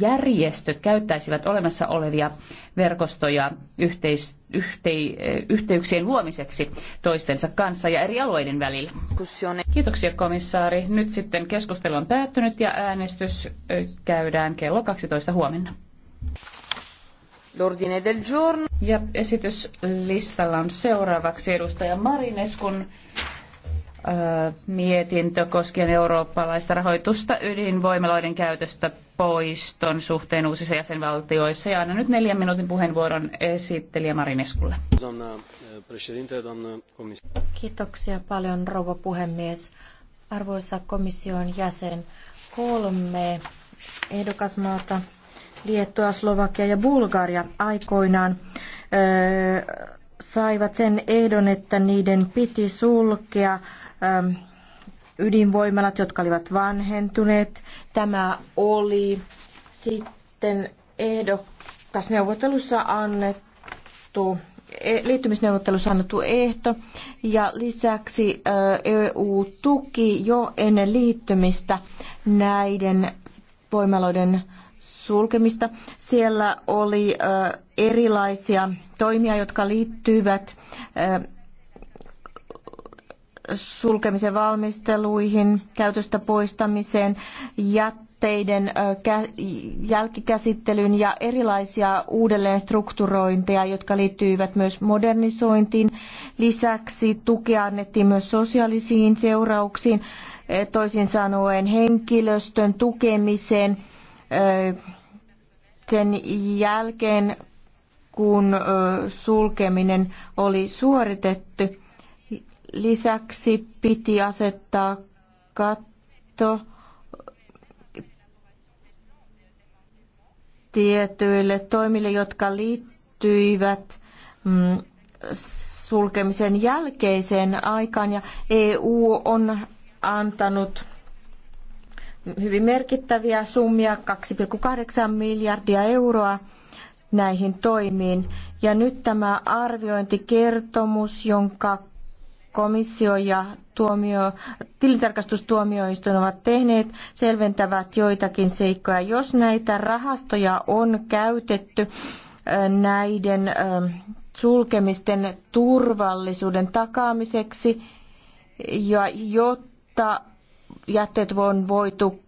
järjestöt käyttäisivät olemassa olevia verkostoja yhteis, yhte, eh, yhteyksien luomiseksi toistensa kanssa ja eri alueiden välillä. Kiitoksia komissaari. Nyt sitten keskustelu on päättynyt ja äänestys eh, käydään kello 12 huomenna. L'ordine del giorno. Ja esityslistalla on seuraavaksi edustaja Marineskun mietintö koskien eurooppalaista rahoitusta ydinvoimaloiden käytöstä poiston suhteen uusissa jäsenvaltioissa. Ja annan nyt neljän minuutin puheenvuoron esittelijä Marineskulle. Kiitoksia paljon, rouva puhemies. Arvoisa komission jäsen, kolme ehdokasmaata, Liettua, Slovakia ja Bulgaria aikoinaan öö, saivat sen ehdon, että niiden piti sulkea ähm, ydinvoimalat, jotka olivat vanhentuneet. Tämä oli sitten neuvottelussa annettu e, liittymisneuvottelussa annettu ehto ja lisäksi äh, EU tuki jo ennen liittymistä näiden voimaloiden sulkemista. Siellä oli äh, erilaisia toimia, jotka liittyvät sulkemisen valmisteluihin, käytöstä poistamiseen, jätteiden jälkikäsittelyyn ja erilaisia uudelleenstrukturointeja, jotka liittyivät myös modernisointiin. Lisäksi tukea annettiin myös sosiaalisiin seurauksiin, toisin sanoen henkilöstön tukemiseen sen jälkeen, kun sulkeminen oli suoritettu. Lisäksi piti asettaa katto tietyille toimille, jotka liittyivät mm, sulkemisen jälkeiseen aikaan ja EU on antanut hyvin merkittäviä summia, 2,8 miljardia euroa näihin toimiin. Ja nyt tämä arviointikertomus, jonka komissio ja tuomio, tilintarkastustuomioistuin ovat tehneet, selventävät joitakin seikkoja. Jos näitä rahastoja on käytetty näiden sulkemisten turvallisuuden takaamiseksi, ja jotta jätteet on voitu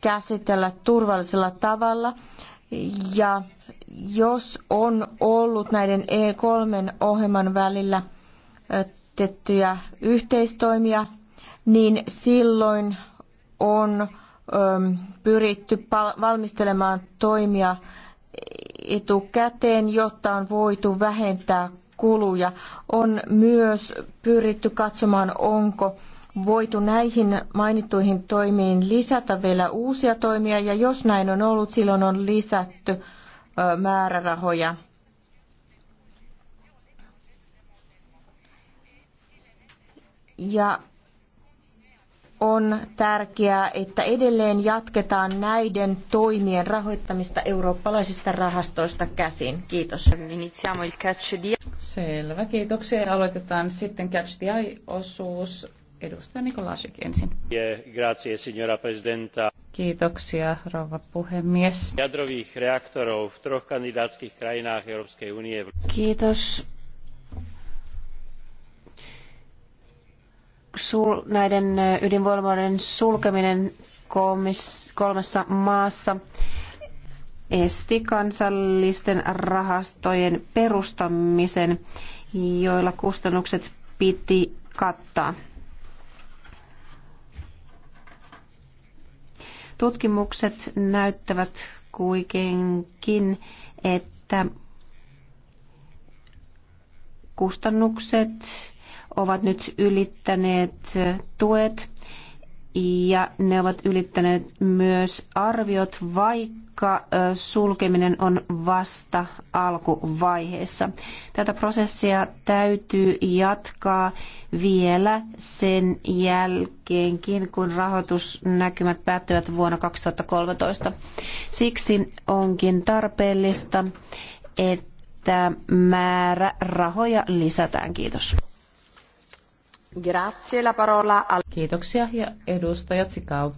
käsitellä turvallisella tavalla, ja jos on ollut näiden E3-ohjelman välillä tehtyjä yhteistoimia, niin silloin on pyritty valmistelemaan toimia etukäteen, jotta on voitu vähentää kuluja. On myös pyritty katsomaan, onko voitu näihin mainittuihin toimiin lisätä vielä uusia toimia, ja jos näin on ollut, silloin on lisätty määrärahoja. Ja on tärkeää, että edelleen jatketaan näiden toimien rahoittamista eurooppalaisista rahastoista käsin. Kiitos. Selvä, kiitoksia. Aloitetaan sitten Catch the Eye-osuus. Edustaja Nikolasik ensin. Grazie, signora presidenta. Kiitoksia, rouva puhemies. Jadrových reaktorov v troch kandidátskych krajinách Európskej únie. Kiitos. Sul, näiden ydinvoimaloiden sulkeminen kolmis, kolmessa maassa esti kansallisten rahastojen perustamisen, joilla kustannukset piti kattaa. Tutkimukset näyttävät kuitenkin, että kustannukset ovat nyt ylittäneet tuet ja ne ovat ylittäneet myös arviot, vaikka sulkeminen on vasta alkuvaiheessa. Tätä prosessia täytyy jatkaa vielä sen jälkeenkin, kun rahoitusnäkymät päättyvät vuonna 2013. Siksi onkin tarpeellista, että määrä rahoja lisätään. Kiitos. Grazie la parola al... Kiitoksia ja edustaja Tsikau.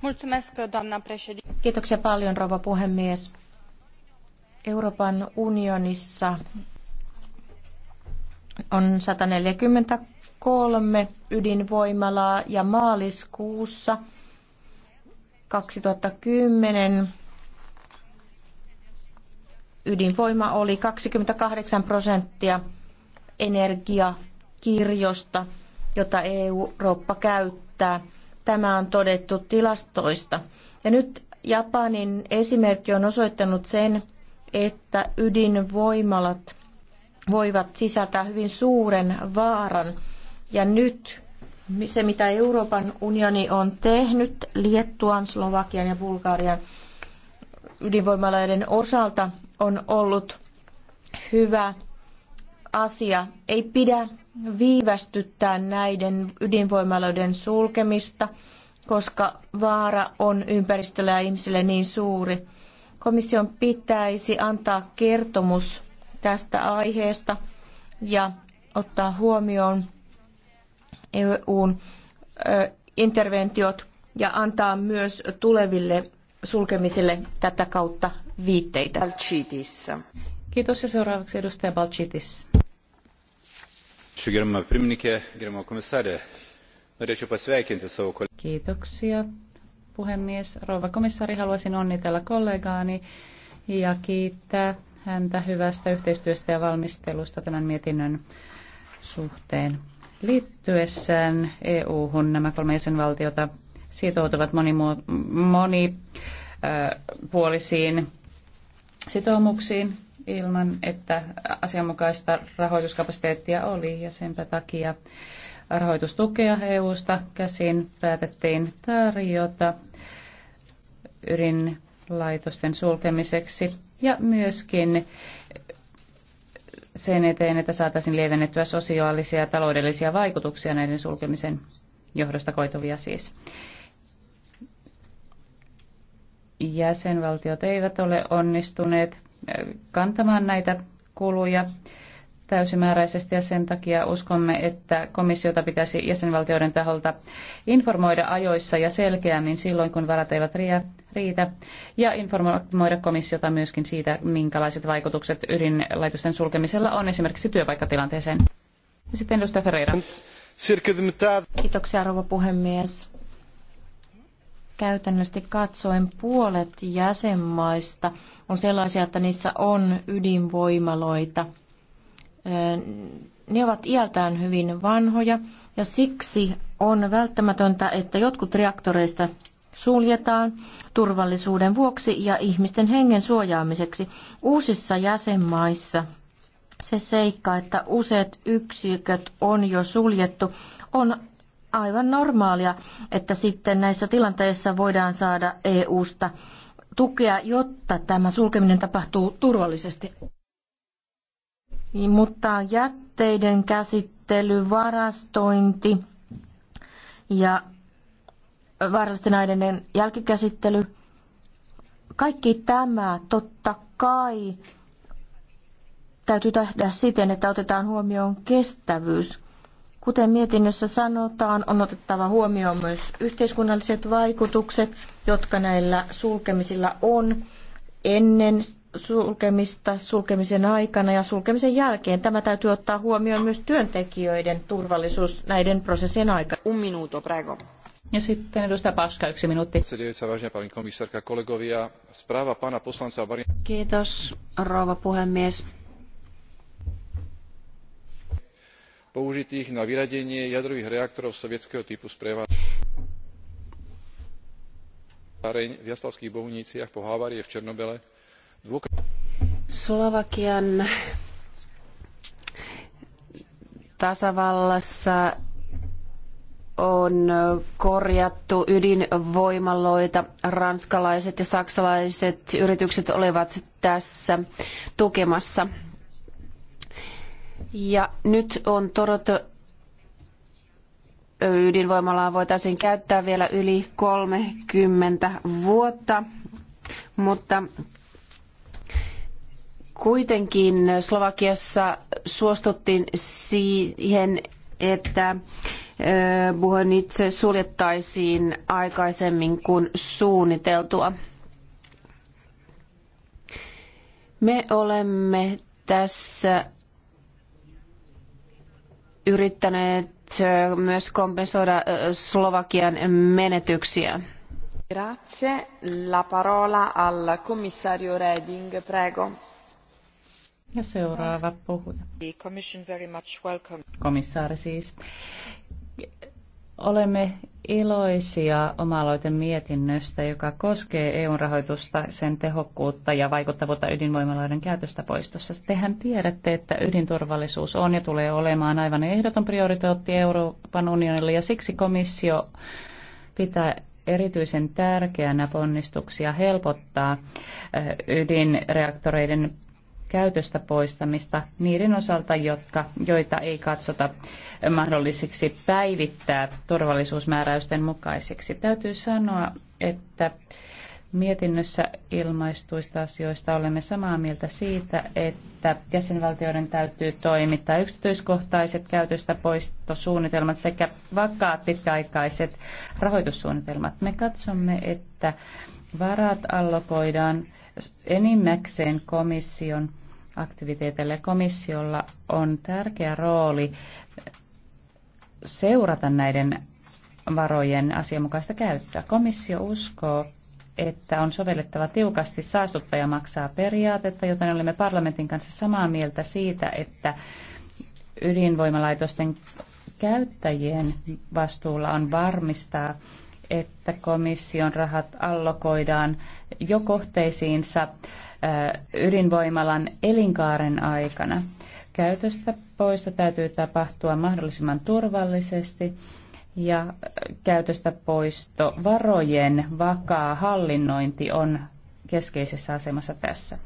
Mulțumesc, doamna președinte. Kiitoksia paljon, rouva puhemies. Euroopan unionissa on 143 ydinvoimalaa ja maaliskuussa 2010 ydinvoima oli 28 prosenttia energiakirjosta, jota Eurooppa käyttää. Tämä on todettu tilastoista. Ja nyt Japanin esimerkki on osoittanut sen, että ydinvoimalat voivat sisältää hyvin suuren vaaran. Ja nyt se, mitä Euroopan unioni on tehnyt Liettuan, Slovakian ja Bulgarian ydinvoimaloiden osalta, on ollut hyvä asia. Ei pidä viivästyttää näiden ydinvoimaloiden sulkemista, koska vaara on ympäristölle ja ihmisille niin suuri. Komission pitäisi antaa kertomus tästä aiheesta ja ottaa huomioon EUn interventiot ja antaa myös tuleville sulkemisille tätä kautta viitteitä. Balchitis. Kiitos ja seuraavaksi edustaja Balchitis. Gerbiama pirmininkė, gerbiama komisarė, norėčiau pasveikinti savo kolegą. Kiitoksia, puhemies. Rouva komissari, haluaisin onnitella kollegaani ja kiittää häntä hyvästä yhteistyöstä ja valmistelusta tämän mietinnön suhteen. Liittyessään EU-hun nämä kolme jäsenvaltiota sitoutuvat monipuolisiin sitoumuksiin ilman, että asianmukaista rahoituskapasiteettia oli ja senpä takia rahoitustukea EU-sta käsin päätettiin tarjota ydinlaitosten sulkemiseksi ja myöskin sen eteen, että saataisiin lievennettyä sosiaalisia ja taloudellisia vaikutuksia näiden sulkemisen johdosta koituvia siis. Jäsenvaltiot eivät ole onnistuneet kantamaan näitä kuluja täysimääräisesti ja sen takia uskomme, että komissiota pitäisi jäsenvaltioiden taholta informoida ajoissa ja selkeämmin silloin, kun varat eivät riitä ja informoida komissiota myöskin siitä, minkälaiset vaikutukset ydinlaitosten sulkemisella on esimerkiksi työpaikkatilanteeseen. Ja sitten edustaja Ferreira. Kiitoksia rouva puhemies Käytännössä katsoen puolet jäsenmaista on sellaisia, että niissä on ydinvoimaloita. Ne ovat iältään hyvin vanhoja ja siksi on välttämätöntä, että jotkut reaktoreista suljetaan turvallisuuden vuoksi ja ihmisten hengen suojaamiseksi. Uusissa jäsenmaissa se seikka, että useat yksiköt on jo suljettu, on aivan normaalia, että sitten näissä tilanteissa voidaan saada EU-sta tukea, jotta tämä sulkeminen tapahtuu turvallisesti. Mutta jätteiden käsittely, varastointi ja vaarallisten aineiden jälkikäsittely, kaikki tämä totta kai täytyy tehdä siten, että otetaan huomioon kestävyys – Kuten mietinnössä sanotaan, on otettava huomioon myös yhteiskunnalliset vaikutukset, jotka näillä sulkemisilla on ennen sulkemista, sulkemisen aikana ja sulkemisen jälkeen. Tämä täytyy ottaa huomioon myös työntekijöiden turvallisuus näiden prosessien aikana. Un minuto, prego. Ja sitten edustaja Paska, yksi minuutti. Kiitos, rouva puhemies použitých na vyradenie jadrových reaktorov sovietskeho typu z prevádzky v jaslovských bohuniciach po havárii v černobyle Slovakian tasavallassa on korjattu ydinvoimaloita. Ranskalaiset ja saksalaiset yritykset olivat tässä tukemassa. Ja nyt on Toronto ydinvoimalaa voitaisiin käyttää vielä yli 30 vuotta, mutta kuitenkin Slovakiassa suostuttiin siihen, että itse suljettaisiin aikaisemmin kuin suunniteltua. Me olemme tässä yrittäneet myös kompensoida Slovakian menetyksiä. Grazie. La parola al commissario Reding, prego. Ja seuraava puhuja. Komissaari siis Olemme iloisia oma mietinnöstä, joka koskee eu rahoitusta, sen tehokkuutta ja vaikuttavuutta ydinvoimaloiden käytöstä poistossa. Tehän tiedätte, että ydinturvallisuus on ja tulee olemaan aivan ehdoton prioriteetti Euroopan unionille ja siksi komissio pitää erityisen tärkeänä ponnistuksia helpottaa ydinreaktoreiden käytöstä poistamista niiden osalta, jotka, joita ei katsota mahdollisiksi päivittää turvallisuusmääräysten mukaisiksi. Täytyy sanoa, että mietinnössä ilmaistuista asioista olemme samaa mieltä siitä, että jäsenvaltioiden täytyy toimittaa yksityiskohtaiset käytöstä poistosuunnitelmat sekä vakaat pitkäaikaiset rahoitussuunnitelmat. Me katsomme, että varat allokoidaan enimmäkseen komission aktiviteeteille. Komissiolla on tärkeä rooli seurata näiden varojen asianmukaista käyttöä. Komissio uskoo, että on sovellettava tiukasti saastuttaja maksaa periaatetta, joten olemme parlamentin kanssa samaa mieltä siitä, että ydinvoimalaitosten käyttäjien vastuulla on varmistaa että komission rahat allokoidaan jo kohteisiinsa ydinvoimalan elinkaaren aikana. Käytöstä poisto täytyy tapahtua mahdollisimman turvallisesti ja käytöstä poisto varojen vakaa hallinnointi on keskeisessä asemassa tässä.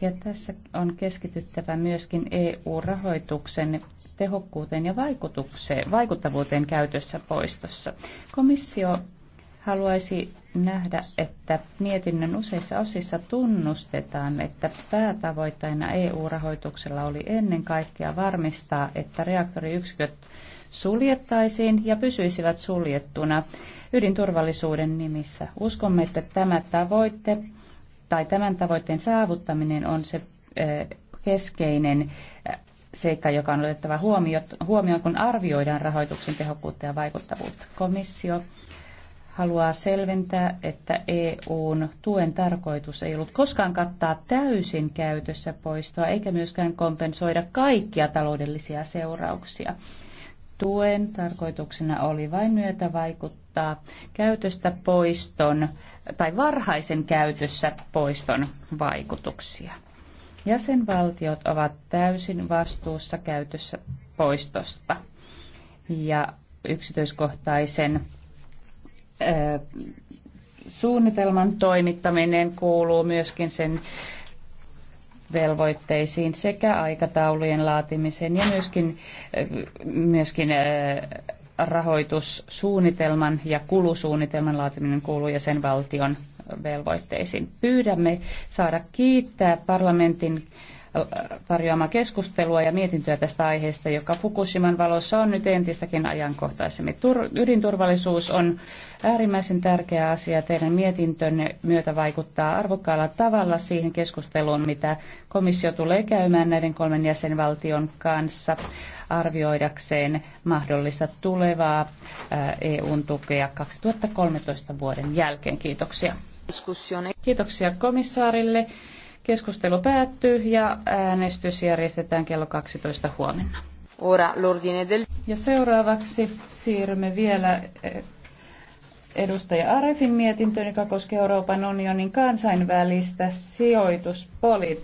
Ja tässä on keskityttävä myöskin EU-rahoituksen tehokkuuteen ja vaikutukseen, vaikuttavuuteen käytössä poistossa. Komissio haluaisi nähdä, että mietinnön useissa osissa tunnustetaan, että päätavoitteena EU-rahoituksella oli ennen kaikkea varmistaa, että reaktoriyksiköt suljettaisiin ja pysyisivät suljettuna ydinturvallisuuden nimissä. Uskomme, että tämä tavoite tai tämän tavoitteen saavuttaminen on se keskeinen seikka, joka on otettava huomioon, kun arvioidaan rahoituksen tehokkuutta ja vaikuttavuutta. Komissio haluaa selventää, että EUn tuen tarkoitus ei ollut koskaan kattaa täysin käytössä poistoa eikä myöskään kompensoida kaikkia taloudellisia seurauksia. Tuen tarkoituksena oli vain myötä vaikuttaa käytöstä poiston tai varhaisen käytössä poiston vaikutuksia. Jäsenvaltiot ovat täysin vastuussa käytössä poistosta ja yksityiskohtaisen suunnitelman toimittaminen kuuluu myöskin sen velvoitteisiin sekä aikataulujen laatimisen ja myöskin, myöskin rahoitussuunnitelman ja kulusuunnitelman laatiminen kuuluu ja sen valtion velvoitteisiin. Pyydämme saada kiittää parlamentin tarjoamaa keskustelua ja mietintöä tästä aiheesta, joka Fukushiman valossa on nyt entistäkin ajankohtaisemmin. Tur- ydinturvallisuus on äärimmäisen tärkeä asia. Teidän mietintönne myötä vaikuttaa arvokkaalla tavalla siihen keskusteluun, mitä komissio tulee käymään näiden kolmen jäsenvaltion kanssa arvioidakseen mahdollista tulevaa eu tukea 2013 vuoden jälkeen. Kiitoksia. Kiitoksia komissaarille. Keskustelu päättyy ja äänestys järjestetään kello 12 huomenna. Ora, l'ordine del... Ja seuraavaksi siirrymme vielä eh, edustaja Arefin mietintöön, joka koskee Euroopan unionin kansainvälistä sijoituspolitiikkaa.